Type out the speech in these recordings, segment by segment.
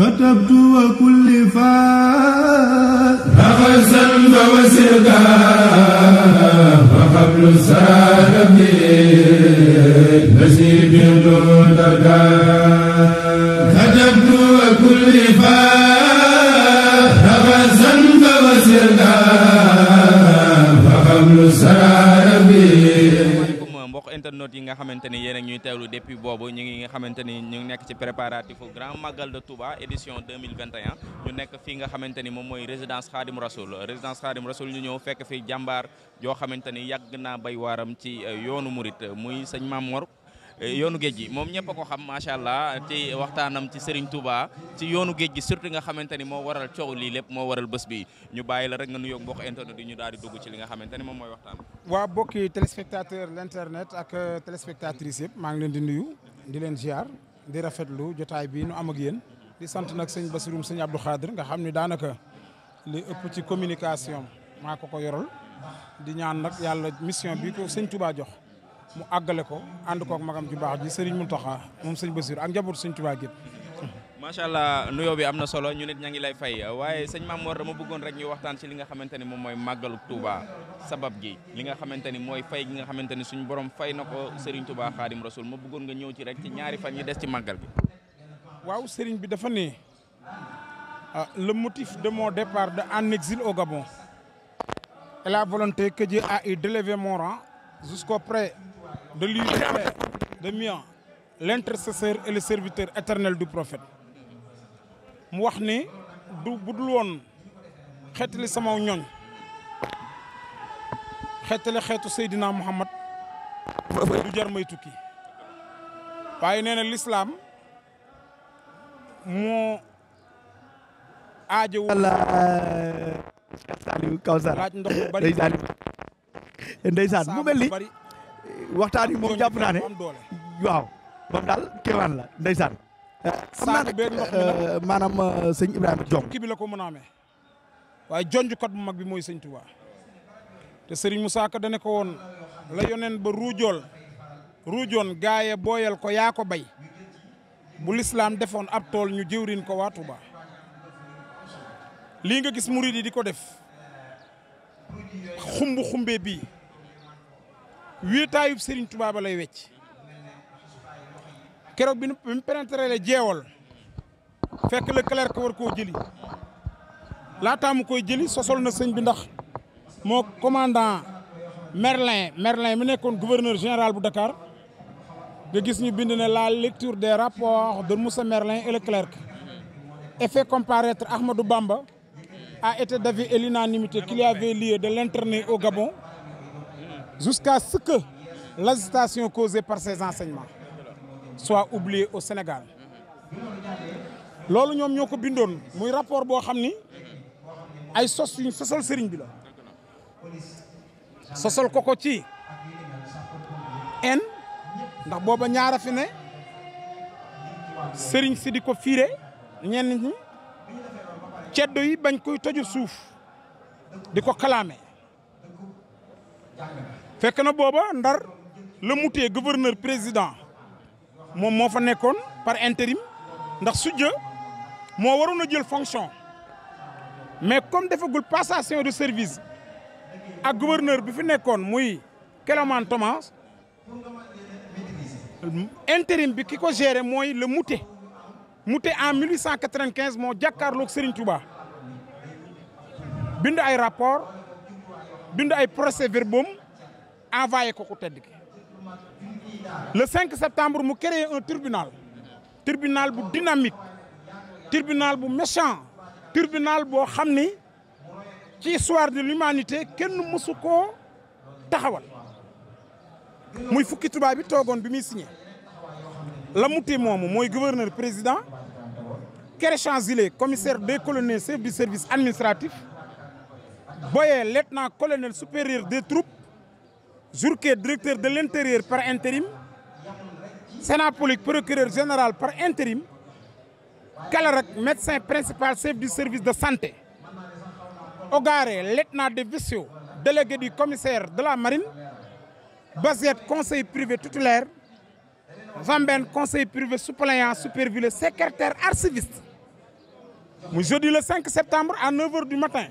كتبت وكل فاء أخزا وزرقا وقبل ساعة internautes nga xamante ni yéen ak ñuy teewlu depuis boobu ñu ngi nga xamante ni ñu ngi nekk ci préparatifu grand magal de Touba édition 2021 ñu nekk fii nga xamante ni moom mooy résidence Khadim Rasoul résidence Khadim Rasoul ñu ñëw fekk fii jàmbaar joo xamante ni yàgg naa bay waaram ci euh, yoonu murit muy sëñ Mamor Eh, yoonu géej gi moom ñëpp ko xam macha allah ci waxtaanam ci Serigne Touba ci yoonu géej gi surtout nga xamante ni moo waral coow lii lépp moo waral bés bi ñu bàyyi la rek nga nuyoo mbokk internet yi ñu daal di dugg ci li nga xamante ni moom mooy waxtaan. waa bokki téléspectateur l' internet ak euh, téléspectatrice yëpp maa ngi leen di nuyu di leen ziar di rafetlu jotaay bi nu am ak yéen di sant nag sëñ Basiroum sëñ Abdou Khadir nga xam ni daanaka li ëpp ci communication maa ko ko yoral di ñaan nag yàlla mission bi sëñ Touba jox mu àggale ko ànd koog magam ju baax ji Serigne Mountakha moom sëñ Bassirou ak njaboot sëñ Tuubaa gépp macha allah nuyoo bi am na solo ñu nit ña ngi lay fay waaye sëñ Mamour dama bëggoon rek ñu waxtaan si li nga xamante ni moom mooy màggalu Touba sabab gi li nga xamante ni mooy fay gi nga xamante ni suñu borom fay na ko Serigne Touba Xaadim Rasul ma bëggoon nga ñëw ci rek ci ñaari fa yi des ci màggal gi. waaw sëriñ bi dafa ne ah, la motif de mon départ de en exil au Gabon est la jusqu'au près de lui de Mian l'intercesseur et serviteur éternel du prophète mu wax ni du budul woon xeetali sama ñooñ xeetali xeetu Seydina Muhammad du jar tukki waaye nee na l'islam moo aajo wala Cheikh laaj ndox bu bari ndeysaan mu mel ni waxtaan yi moom jàpp naa ne waaw moom daal kéemaan la ndeysaan euh, xam naa ne euh, maanaam euh, sëñ Ibrahima Jong kii bi ko mën a amee waaye jonjkat mag bi mooy sëñ Touba te Serigne Moussa Ka dane ko woon la yoneen ba ruujool ruujoon gaaye booyal ko yaa ko bay bu lislaam defoon ab tool ñu jëwrin ko waa Touba lii nga gis mu yi di ko def xumb xumbee bii wéetaayub Serigne Touba ba lay wecc keroog bi mu pénétré le jeewal fekk le clerc war koo jëli laataa mu koy jëli sosol na sëñ bi ndax moo commandant Merlin Merlin mu nekkoon gouverneur général bu Dakar nga gis ñu bind ne la lecture des rapports de Moussa Merlin et le clerc et fait comparaître Ahmadou Bamba a été d'avis et l'unanimité qu'il y avait lieu de l'interner jusqu'à ce que l'agitation causée par ces enseignements soit oubliée au Sénégal loolu ñoom ñoo ko bindoon muy rapport boo xam ni ay sos yuñ sosol sëriñ bi la sosol ko ko ci en ndax booba ñaara fi ne sëriñ si di ko fiire ñenn ñi ceddo yi bañ koy toju suuf di ko kalaame fekk na booba ndar la mu tee président moom moo fa nekkoon par intérim ndax sujja moo waroon a jël fonction mais comme defagul passation de service ak gouverneur bi fi nekkoon muy Keloman Thomas intérim bi ki ko géré mooy le Mouté Mouté en 1895 moo jàkkaarloog Serigne Touba bind ay rapport bind ay procès verbum envoyé ko ku tedd ki le septembre mu créé un tribunal tribunal bu dynamique tribunal bu méchant tribunal boo xam ni ci histoire de l'humanité kenn mësu koo taxawal muy fukki tubaab bi toogoon bi muy mu Lamouté moomu mooy gouverneur président Kéréchan Zilé commissaire décolonel chef du service administratif Boye lieutenant colonel supérieur des troupes Jourquet directeur de l'intérieur par intérim Sénapolique procureur général par intérim Kalarak médecin principal chef du service de santé Ogaré lieutenant de vaisseau délégué du commissaire de la marine Bazette conseil privé titulaire Vamben conseil privé suppléant superviseur secrétaire archiviste mu jeudi le 5 septembre à 9h du matin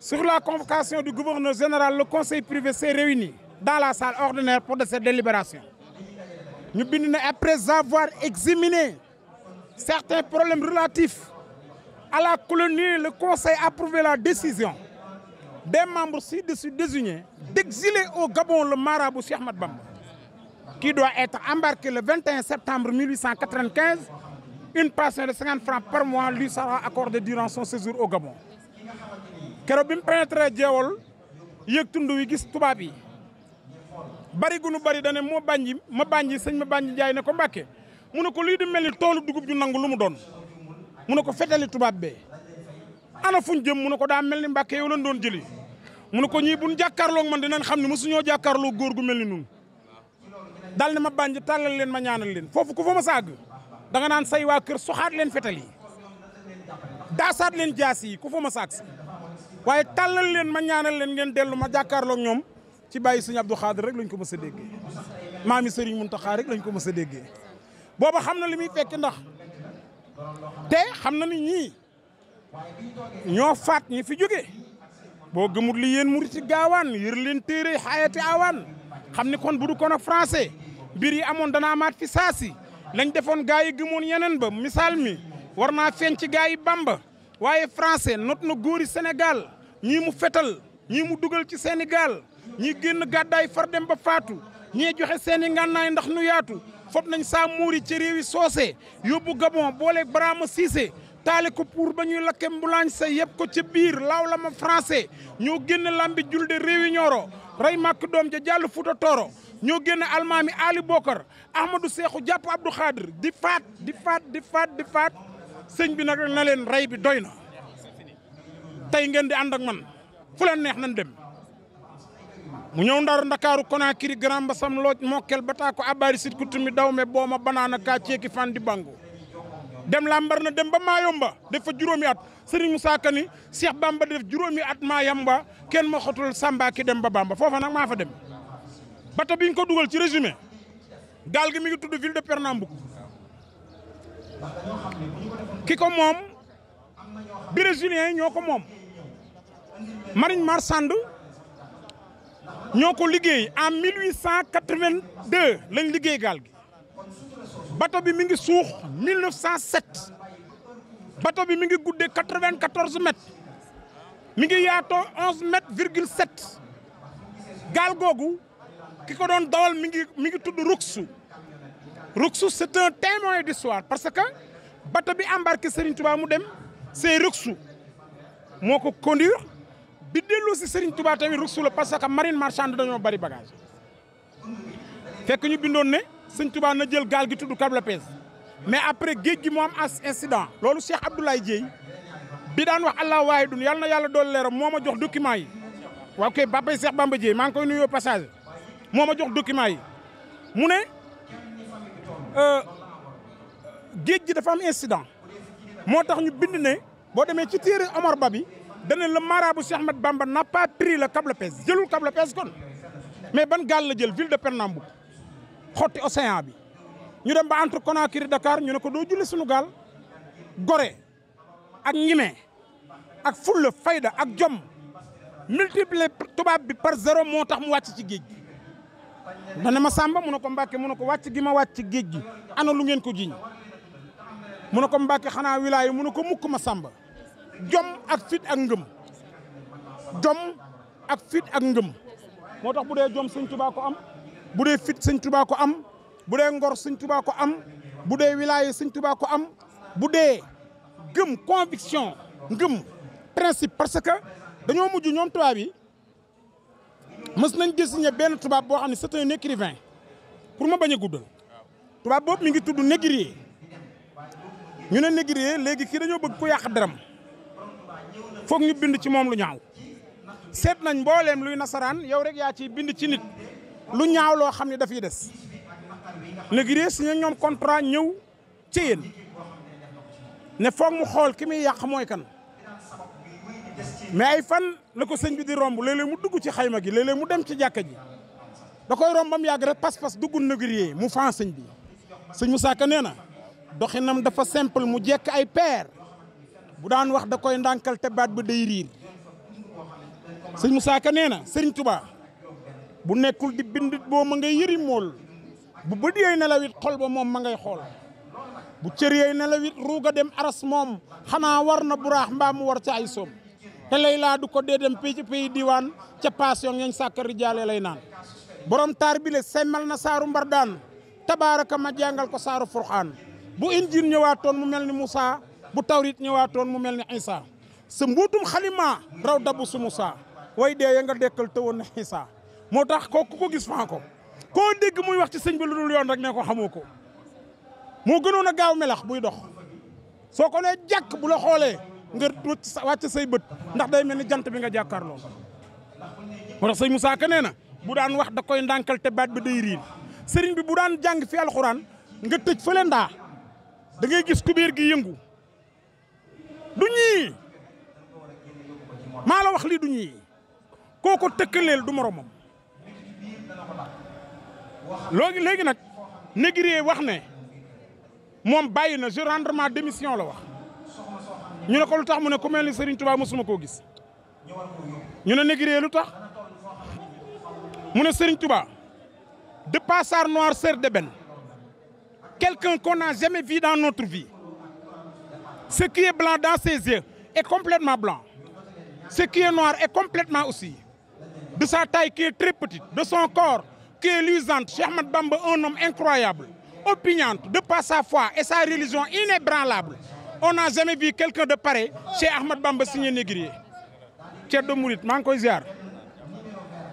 Sur la convocation du gouverneur général, le conseil privé s'est réuni dans la salle ordinaire pour de cette délibération. Nous, après avoir examiné certains problèmes relatifs à la colonie, le conseil a approuvé la décision des membres ci-dessus désignés d'exiler au Gabon le marabout Cheikh Ahmad Bamba, qui doit être embarqué le 21 septembre 1895. Une pension de 50 francs par mois lui sera accordée durant son séjour au Gabon. keroog bi mu pénétré jeewol yëg tund wi gis tubaab yi bari gunu bari dane moo bànji ma bànji sëñ ma bànji jaay ne ko mbàkke mu ne ko lii mel ni toolu dugub ju nangu lu mu doon mun ne ko fetali tubaab bee ana fuñ jëm mun ne ko daa mel ni mbàkke yow lañ doon jëli mun ne ko ñii buñ jàkkaarloog man dinañ xam ne mosuñoo jàkkaarloo góor gu mel ni nun dal ne ma bànji tàllal leen ma ñaanal leen foofu ku fa ma sàgg da naan say waa kër soxaat leen fetal yi leen jaas yi ku ma sàgg waaye tàllal leen ma ñaanal leen ngeen dellu ma jàkkaarloog ñoom ci bàyyi sëñ Abdou Khadir rek lañ ko mës a déggee maami sëriñ Mountakha rek lañ ko mës a déggee booba xam na li muy fekk ndax te xam na ni ñii ñoo faat ñi fi jóge boo gëmul li yéen murit ci gaawaan yër leen téere xaayati awaan xam ni kon bu du kon ak français mbir yi amoon danaa maat fi saasi lañ defoon gaa yi gëmoon yeneen ba misaal mi war naa feeñ ci gaa yi Bamba waaye français not na góori Sénégal ñii mu fetal ñii mu dugal ci Sénégal ñii génn gàddaay far dem ba faatu ñii joxe seeni i ngànnaay ndax nu yaatu fot nañ saa muuri ci réewi soose yóbbu Gabon boole Barama Cissé taale ko pour ba ñuy lakke mbulaañ sa yëpp ko ca biir laaw la ma français ñoo génn lambi julde réewi ñooro rey màkk doom ja jàll futa tooro ñoo génn almaami Ali Bokar Ahmadou Seexu jàpp Abdou Khadir di faat di faat di faat di faat sëñ bi nag na leen bi doy na tey ngeen di ànd ak man fu neex nañ dem mu ñëw ndaru ndakaaru Konakiri Grand Bassam Lodj Mokkel bataa ko abari sit kutumi dawme booma banaana kaa ceeki fan di bango dem lambar na dem ba Maayomba def fa juróomi at Serigne Moussa Kane Cheikh Bamba def juróomi at Maayomba kenn ma xotul Samba ki dem ba Bamba foofa nag maa fa dem bato biñ ko dugal ci résumé gaal gi mi gi tudd ville de Pernambouc ki ko moom brésilien yi ñoo ko moom mariñ Marsand ñoo ko liggéey en 1882 lañ liggéey gaal gi bato bi mi ngi suux 1907 bato bi mi ngi guddee 94 mi ngi yaatoo 11 mètres virgule 7 gaal googu ki ko doon dawal mi ngi mi ngi tudd Roux Roux c'est un témoin d'histoire parce que bato bi embarqué Serigne Touba mu dem c'est Ruxu moo ko conduire bi delloo si Serigne Touba tamit Ruxu la parce que marine marchande dañoo bari bagage fekk ñu bindoon ne Serigne Touba na jël gaal gi tudd Cap Lopez mais après géej gi moo am incident. loolu Cheikh Abdoulaye Dieye bi daan wax allah waaye dun yàlla na yàlla dool leeram moo ma jox document yi waaw kay Babay Cheikh Bamba Dieye maa ngi koy nuyoo passage moo ma jox document yi mu ne. Euh, géej gi dafa am incident moo tax ñu bind ne boo demee ci téere Omar Ba bi dana le marabout Cheikh Ahmed Bamba n'a pas pris le câble pèse jëlul câble pèse kon mais ban gaal la jël ville de Pernambouc xotti océan bi ñu dem ba entre Conakry Dakar ñu ne ko doo julli sunu gaal gore ak ñime ak fulla fayda ak jom multiplier tubaab bi par zéro moo tax mu wàcc ci géej gi dana ma sàmba mu ne ko Mbàkke mu ne ko wàcc gi ma wàcc ci géej gi ana lu ngeen ko jiñ mu ne ko Mbàkke xanaa wilaay mun na ko mukk ma sàmba jom ak fit ak ngëm jom ak fit ak ngëm moo tax bu dee jom sëñ tubaako am bu dee fit sëñ tubaako am bu dee ngor sëñ Tuubaa am bu dee wilaay sëñ Tuubaa am bu dee gëm conviction ngëm principe parce que dañoo mujj ñoom tubaab yi mës nañ désigné benn tubaab boo xam ne c'est un pour ma bañ a guddal tubaab boobu mi ngi tudd négrier ñu ne négrier léegi kii dañoo bëgg ku yàq deram foog ñu bind ci moom lu ñaaw seet nañ mbooleem luy nasaraan yow rek yaa ciy bind ci nit lu ñaaw loo xam ne dafay des négrier si ñoom contrat ñëw ci yéen ne foog mu xool ki muy yàq mooy kan mais ay fan la ko sëñ bi di romb léeg-léeg mu dugg ci xayma gi léeg-léeg mu dem ci jàkka ji da koy rombam yàgg rek pas-pas duggul négrier mu fan sëñ bi sëñ Moussa Ka nee na doxinam dafa simple mu jekk ay peer bu daan wax da koy ndànkal te baat bi day riir sëñ Moussa Ka nee na sëriñ Touba bu nekkul di bindit boo ma ngay yëri mool bu bët yooyu nelawit xol ba moom ma ngay xool bu cër yooyu nelawit ruuga dem aras moom xanaa war na buraax mbaa mu war ca ay soom te lay laa du ko dee dem pay diwaan ca passion yañ sàkkari jaale lay naan borom taar bi le semmal na saaru mbar mbardaan tabaaraka ma jàngal ko saaru furxaan bu injiil ñëwaatoon mu mel ni Moussa bu tawrit ñëwaatoon mu mel ni Isa sa mbuutum xalima raw dabu su Moussa way dee ya nga dekkal tëwoon na Isa moo tax ko ku ko gis faa ko koo dégg muy wax ci sëñ bi lu dul yoon rek ne ko xamoo ko moo gënoon a gaaw melax buy dox soo ko nee jàkk bu la xoolee nga wàcc say bët ndax day mel ni jant bi nga jàkkaarloo moo tax sëñ Moussa Ka nee na bu daan wax da koy ndànkal te baat ba day sëriñ bi bu daan jàng fi alxuraan nga tëj fële ndaa dangay gis kubéer gi yëngu du ñii maa la wax lii du ñii kooku ko tëkkaleel du moromam loogi léegi nag négrier wax ne moom bàyyi na je rendement démission la wax ñu ne ko lu tax mu ne ku mel ni Serigne Touba mosuma koo gis ñu ne négrier lu tax mu ne Serigne Touba de passar noir ser de benn quelqu'un qu'on n'a jamais vu dans notre vie. Ce qui est blanc dans ses yeux est complètement blanc. Ce qui est noir est complètement aussi. De sa taille qui est très petite, de son corps qui est luisante, Cheikh Ahmed Bamba, un homme incroyable, opiniante, de par sa foi et sa religion inébranlable. On n'a jamais vu quelqu'un de pareil chez Ahmed Bamba Signé Négrier. Thierno Mouride maa ngi koy ziar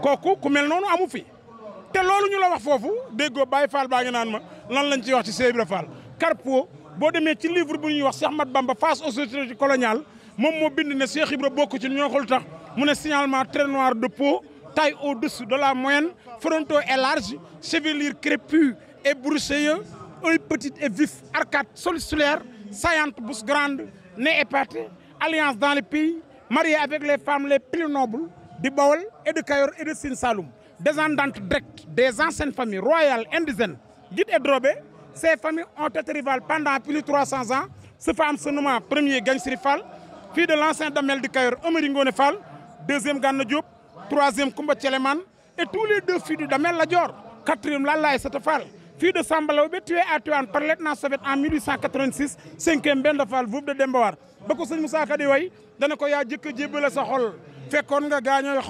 kooku ku mel fi. te loolu ñu la wax foofu déggoo Baye Fall baa ngi naan ma lan lañ ciy wax ci Cheikh Ibra Fall Carpo boo demee ci livre bu ñu wax Cheikh Ahmad Bamba face aux sociétés coloniales moom moo bind ne Cheikh Ibra bokk ci ñoo xol tax mu ne signalement très noir de peau taille au-dessous de la moyenne fronton est large chevelure crépue et broussailleuse œil petit et vif arcade sourcilière saillante bouche grande nez épaté alliance dans les pays marié avec les femmes les plus nobles di Bawol et de Kayor et descendante directe des anciennes familles royales indigènes Guit et Drobé, ces familles ont été rivales pendant plus de 300 ans. Ce femme se nomme premier Gansri Fall, fille de l'ancien Damel de Cayor Omeringone Fall, deuxième Gana Diop, troisième Kumba Tcheleman, et tous les deux filles du Damel Ladior, quatrième Lala et Fall. Fille de Sambalaobe, tuée à Tuan par lieutenant soviet en 1886, cinquième Ben de Fall, vouve de Dembawar. Beaucoup de Moussa Kadeway, dans le cas de Djibouti, fait qu'on a gagné le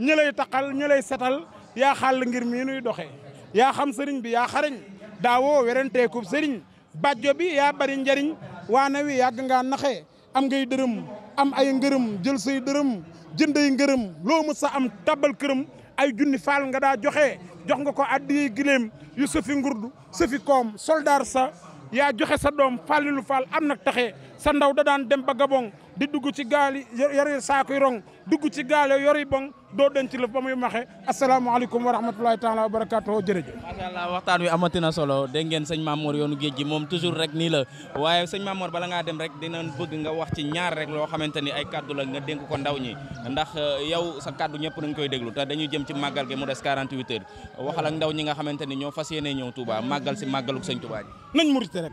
ñi lay taqal ñi lay setal yaa xàll ngir mii nuy doxee yaa xam sëriñ bi yaa daawo daawoo werenteekub sëriñ bàjjo bi yaa bari njariñ waane wi yàgg ngaa naxe am ngay dërëm am ay ngërëm jël sëy dërëm jënday ngërëm loo sa am tabal këram ay junni faal nga daa joxe jox nga ko addiyey gileem yu sëfi ngurdu sëfi koom soldaar sa yaa joxe sa doom faalilu faal am nag taxe sa ndaw da daan dem ba gabon di dugg ci gaal yi yori saakuy rong dugg ci gaal yi yori doo doo denc lëf ba muy maxe asalaamaaleykum wa rahmatulahi taala wa barakaatu jërëjëf macha allah waxtaan wi amati na solo dégg ngeen sëñ Mamour yoonu géej gi moom toujours rek nii la waaye sëñ Mamour bala ngaa dem rek dinañ bëgg nga wax ci ñaar rek loo xamante ni ay kaddu la nga dénk ko ndaw ñi ndax eh, yow sa kaddu ñëpp nañ koy déglu te dañuy jëm ci màggal gi mu des 48 heures waxal ak ndaw ñi nga xamante ni ñoo fas yéene ñëw Touba màggal si màggaluk sëñ Touba ji nañ murite rek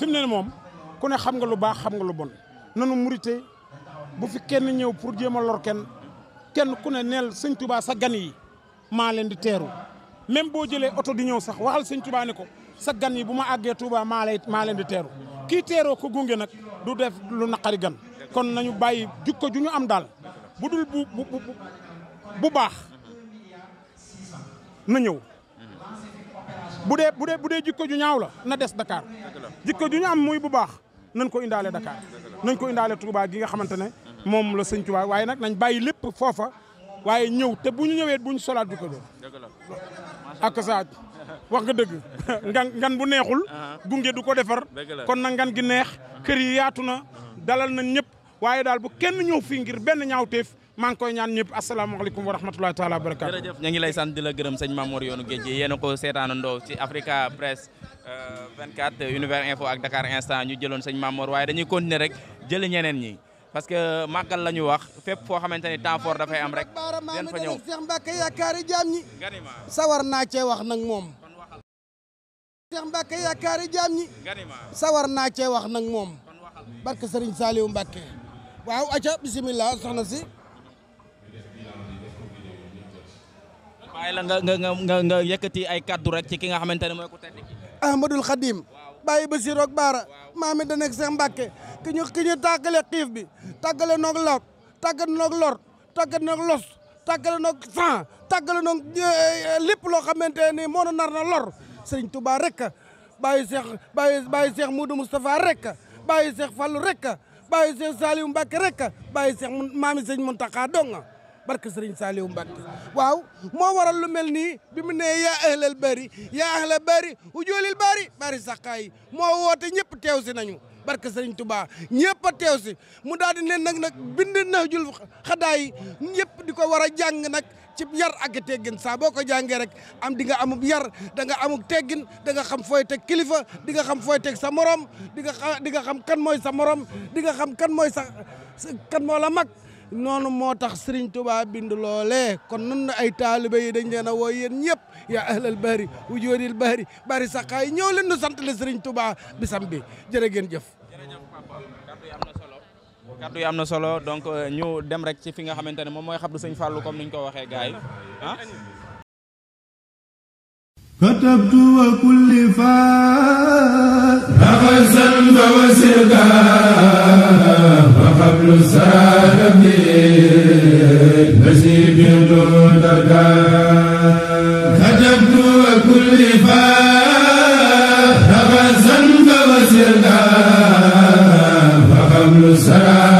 mu ne moom ku ne xam nga lu baax xam lu bon nanu murite bu fi kenn ñëw pour jéem lor kenn kenn ku ne neel sëñ Touba sa gan yi maa leen di teeru même boo jëlee oto di ñëw sax waxal sëñ Touba ko sa gan yi bu ma àggee Touba maa lay maa leen di teeru kii teeroo ko gunge nag du def lu naqari gan kon nañu bàyyi jukko ju ñu am daal bu dul bu bu bu baax na ñëw bu dee bu dee bu dee jikko ju ñaaw la na des dakaar jikko ju am muy bu baax nañ ko indaale Dakar nañ ko indaale Touba gi nga xamante ne moom la sëñ waaye nag nañ bàyyi lépp foofa waaye ñëw te bu ñu ñëwee bu ñu solaat bi ko doon ak wax nga dëgg ngan ngan bu neexul uh-huh. gunge du ko defar kon na ngan gi neex kër yi yaatu na uh-huh. dalal nañ ñëpp waaye daal bu kenn ñëw fii ngir benn ñaawteef maa koy ñaan ñëpp asalaamaaleykum wa rahmatulahi taala wa barakaatu. jërëjëf ñu ngi lay sant di la gërëm sëñ Mamour yoonu géej gi yéen a ko seetaanandoo ci Africa Presse euh, 24 Univers Info ak Dakar Instant ñu jëloon sëñ Mamour waaye dañuy continuer rek jëli ñeneen ñi parce que màggal la ñu wax fépp foo xamante ni temps fort dafay am rek. den fa ñëw Cheikh Mbacke yaakaari jaam ñi. sawar naa cee wax nag moom. Cheikh Mbacke yaakaari jaam ñi. sawar naa cee wax nag moom. barke Serigne Saliou Mbacke. waaw aca bisimilah soxna si. bàyyi la nga nga nga nga yëkkati ay kaddu rek ci ki nga xamante ne mooy ku tedd ki Ahmadul Xadim bàyyi ba siroog baara maami da nekk seen mbàkke ki ñu ki ñu tàggale xiif bi tàggale noog lor tàggale noog lor tàggale noog los tàggale noog fan tàggale noog euh, euh, lépp loo xamante ni moo nu nar na lor sëriñ Tuubaa rek bàyyi seex bàyyi bàyyi seex Muudu Moustapha rek bàyyi seex Fallu rek bàyyi seex Saliou Mbàkke rek bàyyi seex maami sëñ Muntaxa donga barke Serigne Saliou Mbacke waaw moo waral lu mel nii bi mu nee yaa ahlal bari yaa ahlal bari ujoolil bari bari saqaay moo woote ñëpp teew si nañu barke Serigne Touba ñëpp a teew mu daal di ne nag nag bind na jul xadaa yi ñëpp di ko war a jàng nag ci yar ak teggin saa boo ko jàngee rek am di nga amub yar da nga amub teggin da nga xam fooy teg kilifa di nga xam fooy teg sa morom di nga di nga xam kan mooy sa morom di nga xam kan mooy sa kan moo la mag noonu moo tax Serigne tubaa bind loolee kon nun ay taalibe yi dañ leen a woo yéen ñëpp yaa ahlal bahri wujoodil bahri bari saqaay ñëw leen nu sant le Serigne Touba bisam bi jërë ngeen jëf. jërëjëf papa kaddu yi am na solo na solo donc euh, ñu dem rek ci fi nga xamante ne moom mooy xabdu sëñ Fallou comme ni ñu ko waxee gaay كتبت وكل فاء أخزا ووسرقا وقبل سالمي نسيب دركا كتبت وكل فاء أخزا ووسرقا وقبل سالمي